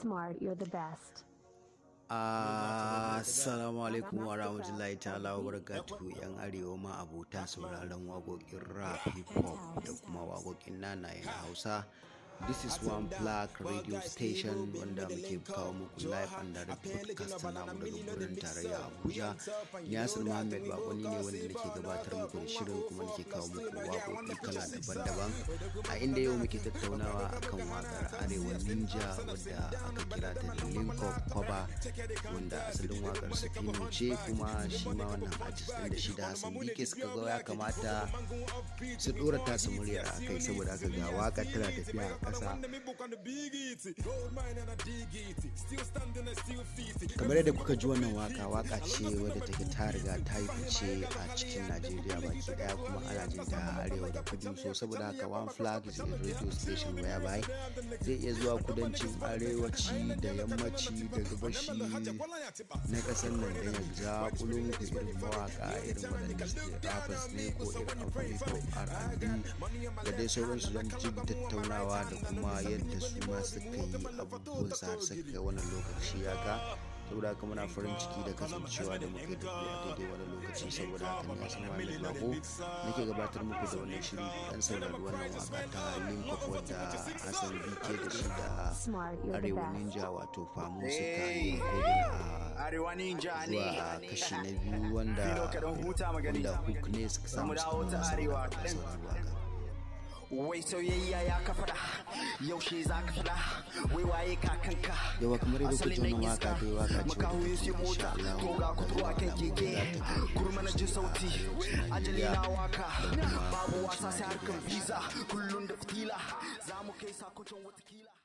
smart. You're the best. Ah, Assalamu alaikum wa rahmatullahi ta'ala wa barakatuhu yan arewa ma abota sauraron waƙoƙin rap hip hop da kuma waƙoƙin nanayen Hausa. This is One Black Radio Station wanda muke kawo muku live and direct podcast namu daga gurin tarayya Abuja. Yasir Muhammad Bakoni ne wanda nake gabatar muku da shirin kuma nake kawo muku waƙoƙi kala daban-daban. A inda yau muke tattaunawa akan waƙar Arewa Ninja wadda aka kira ta da Linko koba wanda asalin waƙar Sufino ce kuma shi ma wannan artist ɗin da shi da Hassan Bike suka ga ya kamata su ɗora tasu murya akai saboda ka ga waƙar tana tafiya kamar yadda kuka ji wannan waka waka ce wadda take ta riga ta yi fice a cikin najeriya baki daya kuma ana jin ta arewa da kudin so saboda haka one flag is a radio station whereby zai iya zuwa kudancin arewaci da yammaci da gabashi na kasar nan da ya ja kulun da irin mawaka irin waɗanda suke rappers ne ko irin afro ko hop r&b da dai sauransu don jin tattaunawa da kuma yadda su ma suka yi abubuwan sa har suka kai wannan lokaci ya ga saboda haka muna farin ciki da kasancewa da muka a daidai wani lokaci saboda haka ne sun mamaye bako nake gabatar muku da wannan shiri dan saurari wannan waka ta linkop wadda hassan bk da shi da arewa ninja wato famu su yi arewa ninja ne a kashi na biyu wanda wanda hook ne suka samu cikin wannan waka wai soyayya ya ka yaushe za ka fada wai waye kakanka yawa kamar yadda kuke wannan waka dai waka ce makahu ya ce mota to ga kuturu a kan keke kurma na ji sauti ajali na waka babu wasa sai harkar visa kullun da fitila za mu kai sakucin watakila